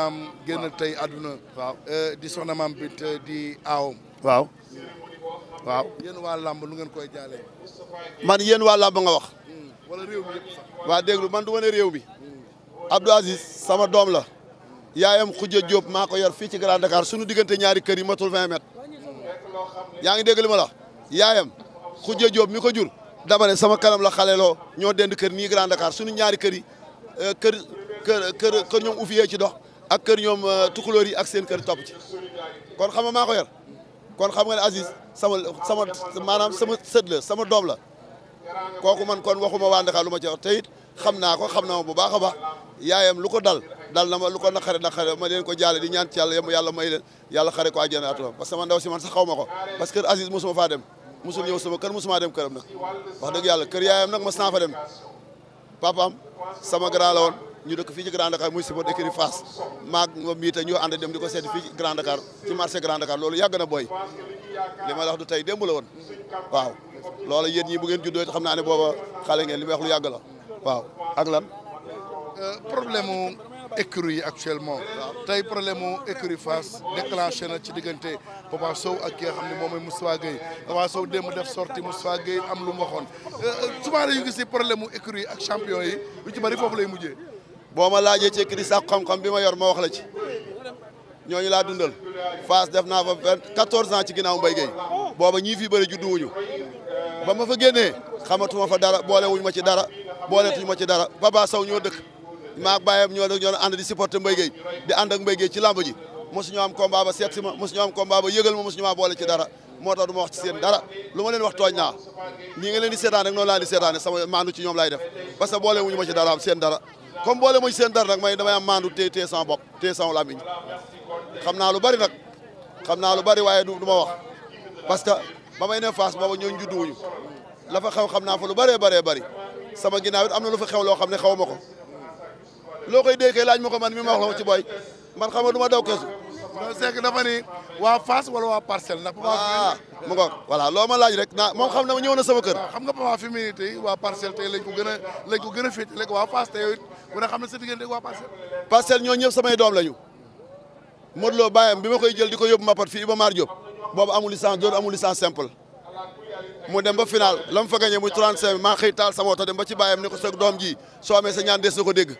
soxnaam génn tey àdduna. waaw eh, di soxna maam bit di aawam. waaw waaw. yéen waa làmb lu ngeen ko jaalee. man yéen waa làmb nga wax. Hmm. wala waa déglu man du ma réew mi. Hmm. Abdou Aziz sama doom la. yaayam Khoudia Diop maa ko yor fii ci Grand Dakar sunu diggante ñaari kër yi matul 20 mètres. yaa ngi dégg li ma la yaayam Khoudia Diop mi ko jur. dama ne sama kanam la xale loo ñoo dend kër nii Grand Dakar sunu ñaari kër yi eh, kër kër kër ñoom ufiye ci dox ak kër ñoom euh, tukulóor yi ak seen kër topp ci kon xam nga maa ko kon xam nga ne Aziz sama sama maanaam sama sët la sama doom la kooku man kon waxuma waa Ndakaaru lu ma ci wax te it xam naa ko xam na ma bu baax a baax yaayam lu ko dal dal na ma lu ko naqare naqare ma leen ko jaale di ñaan ci yàlla yàlla may leen yàlla xare ko àjjana atuma parce que man ndaw si man sax xaw ma ko parce que kër Aziz mosuma faa dem mosul ñëw sama kër mosuma dem këram nag wax yàlla kër yaayam na mas naa fa dem sama grand la woon ñu dëkk fii ci Grand Dakar muy support écurie Fass maag moom mii te dem di ko seet fii ci Grand Dakar ci marché Grand Dakar loolu yàgg booy li ma la du tey démb la woon waaw loolu yéen ñi bu ngeen juddoo it xam naa ne booba xale ngeen li may lu yàgg la waaw ak lan euh, problème mu écurie yi actuellement tey problème mu écurie Fass na ci diggante Papa Sow ak ki nga xam ne moom mooy Moustapha Gueye Papa Sow démb def sorti mu Gueye am lu mu waxoon euh, euh, souvent dañu gis ni problème mu écurie ak champion yi lu ci bëri foofu lay mujjee boo ma laajee ci écrit sax xam-xam bi ma yor ma wax la ci ñooñu laa dundal Fass def naa fa vingt quatorze ans ci ginnaaw Mbaye Gueye booba ñii fii bëri juddu wuñu ba ma fa génnee xamatuma fa dara boole wuñu ma ci dara booletuñu ma ci dara Papa Sow ñoo dëkk maa bàyyam ñoo dëkk ñoo ànd di supporter Mbaye Gueye di ànd ak Mbaye ci làmb ji mosu ñoo am combat ba ma mosu ñoo am combat ba yëgal ma mosu ñu maa boole ci dara moo tax du ma wax ci seen dara lu ma leen wax tooñ ci ñoom laay def parce que boole wuñu ma ci dara comme boole muy seen dara nag may damay am maandu téye téye sama bopp téye sama làmmiñ xam naa lu bari nag xam naa lu bari waaye du ma wax parce que ba may ne Fass booba ñooñu judduwuñu la fa xew xam naa fa lu bëree bëree bëri sama ginnaaw it am na lu xew loo xam ne xaw ma ko loo koy déggee laaj ma ko man mi ma wax la ko ci booy man xam nga du ma daw keesu. non c'est que waa Fass wala waa parcelle ndax. waaw ah, mu ngoog loo ma laaj rek naa moom xam na ma ñëw na sama kër. xam nga papa féminité yi waa tey lañ ko gën a lañ ko gën a féetee waa Fass tey ku ne xam ne sa diggante waa parcelle. parcelle ñoo ñëpp samay doom lañu Modou Lo bàyyam bi ma koy jël di ko yóbbu Mappat fii Iba Mar Diop boobu amul licence doon amul licence simple mu dem ba final la mu fa gagné muy 35 maa xëy taal sama oto dem ba ci bàyyam ne ko sa doom ji soo amee sa ñaan des na ko dégg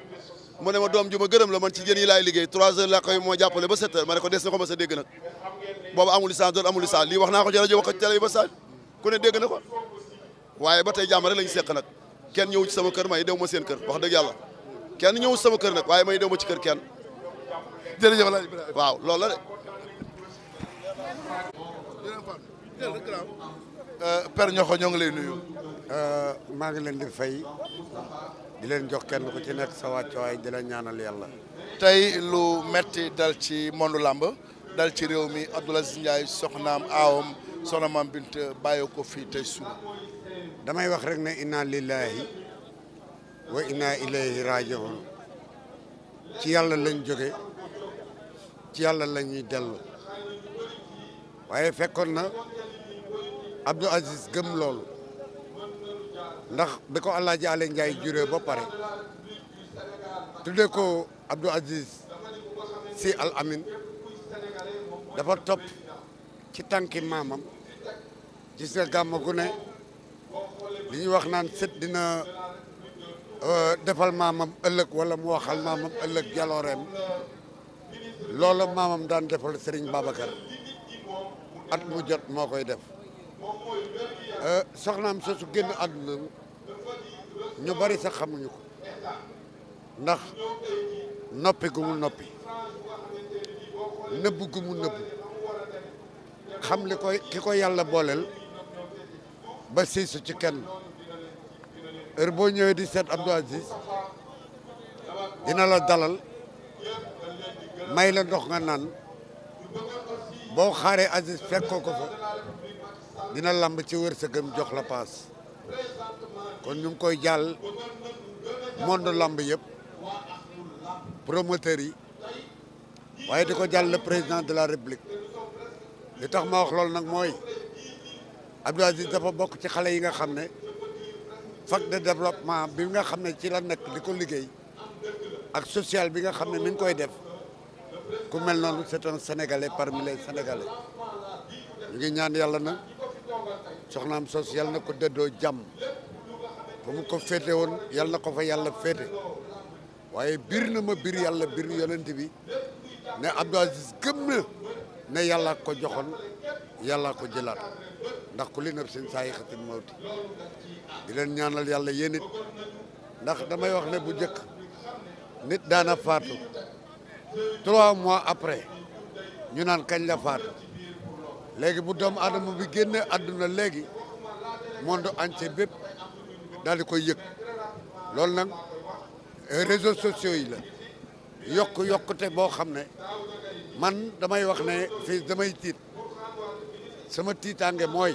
mu ne doom ju ma gërëm la man ci jën yi laay liggéey 3 heures laa koy moo jàppale ba 7 heures ma ne ko des na ko ma sa dégg nag boobu amul licence lii wax naa ko ci rajo wax ko ci ba saa ku ne dégg la seq nag kenn ñëw ci sama kër may dew ma seen kër wax dëgg yàlla kenn ñëw sama kër nag waaye may dem ba ci kër kenn. jërëjëf El Hadj Ibrahima waaw loolu la de. Euh, Père Ñoxo ñoo ngi lay nuyu. Euh, maa ngi leen di fay di leen jox kenn ku ci nekk sa wàccuwaay di la ñaanal yàlla. tey lu metti dal ci mondu làmb dal ci réew mi Abdoul Aziz Ndiaye soxnaam aawam soxna maam bint bàyyi fii tey suba. damay wax rek ne inna lillahi wa inna ilayhi rajiun ci yàlla lañ jóge ci yàlla la ñuy dellu waaye fekkoon na Abdou Aziz gëm loolu ndax bi ko Alaaji Ale Njaay jure ba pare tudde ko Abdou Aziz si al amin dafa topp ci tànki maamam gis nga gàmm gu ne li wax naan sët dina Euh, defal maamam ëllëg wala mu waxal maamam ëllëg jalooreem loolu maamam daan defal Serigne Babacar at mu jot moo koy def euh, soxnaam soosu génn àdduna ñu bari sa xamuñu ko ndax noppi gu noppi nëbb gu mu nëbb xam li koy ki ko yàlla booleel ba siisu ci kenn heure boo ñëwee di seet Abdou Aziz dina la dalal may la ndox nga naan boo xaaree Aziz fekkoo ko fa dina lamb ci am jox la paas kon ñu ngi koy jàll monde lamb yëpp promoteur yi waaye di ko jàll le président de la république li tax ma wax loolu nag mooy Abdou Aziz dafa bokk ci xale yi nga xam ne fac de développement bi nga xam ne ci la nekk di ko liggéey ak social bi nga xam ne mi koy def ku mel noonu c'est un par parmi les sénégalais ñu ngi ñaan yàlla na soxnaam sos yàlla na ko dëddoo jàmm fu mu ko féete woon yàlla na ko fa yàlla féete waaye biir na ma biir yàlla biir yonent bi ne Abdou Aziz gëm na ne yàlla ko joxoon yàlla ko jëlaat ndax ku li nëb seen saa yi di leen ñaanal yàlla yéen ndax damay wax ne bu njëkk nit daana faatu trois mois après ñu naan kañ la faatu léegi bu doomu adama bi génne àdduna léegi monde entier bépp daal di koy yëg loolu nag réseaux sociaux yi la yokk yokkute boo xam ne man damay wax ne fii damay tiit sama tiitaange mooy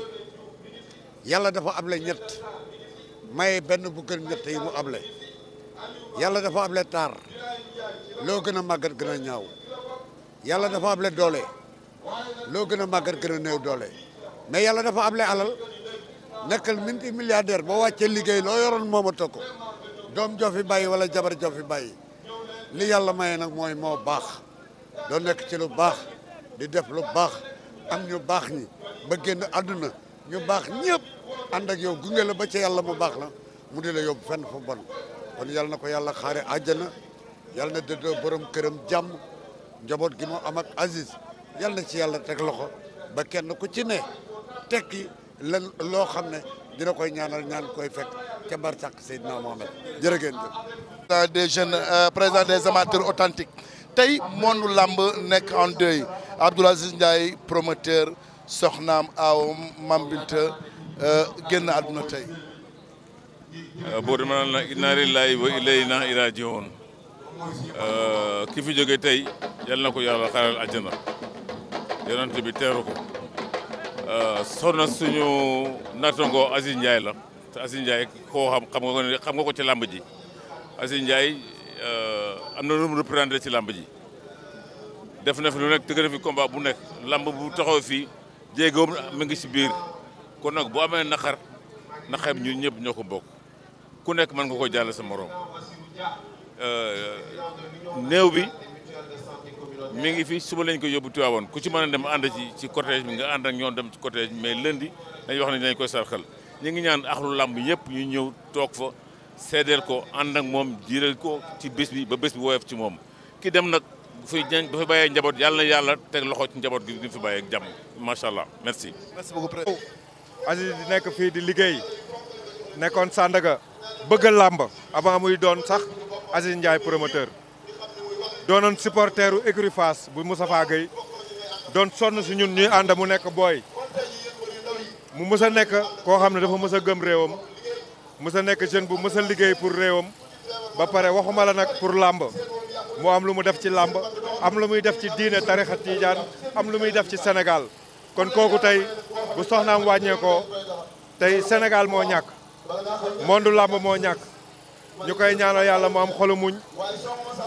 yàlla dafa able ñet maye benn bu gën ñett yi mu able yàlla dafa able taar loo gën a màggat gën a ñaaw yàlla dafa able doole loo gën a màggat gën a néew doole mais yàlla dafa able alal nekkal minti milliardaire boo wàccee liggéey loo yoroon moom a toog ko doom joo fi bàyyi wala jabar joo fi bàyyi li yàlla maye nag mooy moo baax doon nekk ci lu baax di def lu baax am ñu baax ñi ba génn àdduna ñu baax ñëpp ànd ak yow gunge la ba ci yàlla mu baax la mu di la yóbbu fenn fu bon kon yàlla na ko yàlla xaare àjjana yàlla na dëddoo borom këram jàmm njaboot gi mu amat ak Aziz yàlla na ci yàlla teg loxo ba kenn ku ci ne tekki lan loo xam ne dina koy ñaanal ñaan koy fekk ca Barsàq Seydina Mohamed jërë ngeen jëf. des jeunes euh, présents des amateurs tey monde làmb nekk en deuil Abdoul Aziz Ndiaye promoteur soxnaam aawam Mambinta euh, génn àdduna tey. Euh, boo demee nag inna lillahi wa ilayna raji'un euh, ki fi jóge tey yal na ko yàlla xaral àjjana yonent bi teeru ko soxna suñu nattango Aziz Ndiaye la te Aziz Ndiaye xam xam nga ko ci làmb ji Aziz Ndiaye. am na lu mu représenté ci làmb ji def na fi lu nekk tëgg na fi combat bu nekk làmb bu taxaw fii jéegoom mi ngi si biir kon nag bu amee naqar naqar ñun ñëpp ñoo ko bokk ku nekk mën nga ko jàll sa morom euh, néew bi mi ngi fi suba lañ ko yóbbu Tiwaawoon ku ci mën dem ànd ci ci cortège nga ak dem ci cortège mais lundi dañ wax dañ koy sarxal ngi ñaan ñu fa seedeel ko ànd ak moom jiiral ko ci bés bi ba bés bi woyof ci moom kii dem nag bu fi bu bàyyee njaboot yàlla na yàlla teg loxo ci njaboot gi di fi bàyyee ak jàmm macha allah merci. merci beaucoup Aziz di nekk fii di liggéey nekkoon Sandaga bëgg a avant muy doon sax Aziz Ndiaye promoteur doonoon supporteru écurie Fass bu Moustapha Gueye doon sonn si ñun ñuy ànd mu nekk booy mu mës a nekk koo xam ne dafa mës a gëm réewam. mës a nekk jeune bu mës liggéey pour réewam ba pare waxuma la nag pour làmb moo am lu mu def ci làmb am lu muy def ci diine tarixa tiijaan am lu muy def ci senegal kon kooku tey bu soxnaam wàññeekoo tey senegal moo ñàkk monde làmb moo ñàkk ñu koy ñaanal yàlla mu am xolu muñ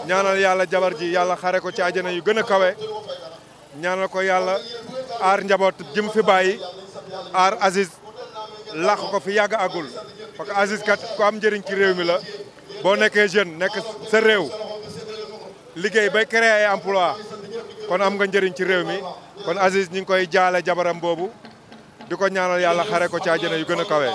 ñaanal yàlla jabar ji yàlla xare ko ci àjjana yu gën a kawe ñaanal ko yàlla aar njaboot jëm fi bàyyi aar Aziz làq ko fi yàgg agul parce que Aziz kat ku am njëriñ ci réew mi la boo nekkee jeune nekk sa réew liggéey bay créer ay emploi kon am nga njëriñ ci réew mi kon Aziz ñi ngi koy jaale jabaram boobu du ko ñaanal yàlla xare ko ci àjjana yu gën a kawe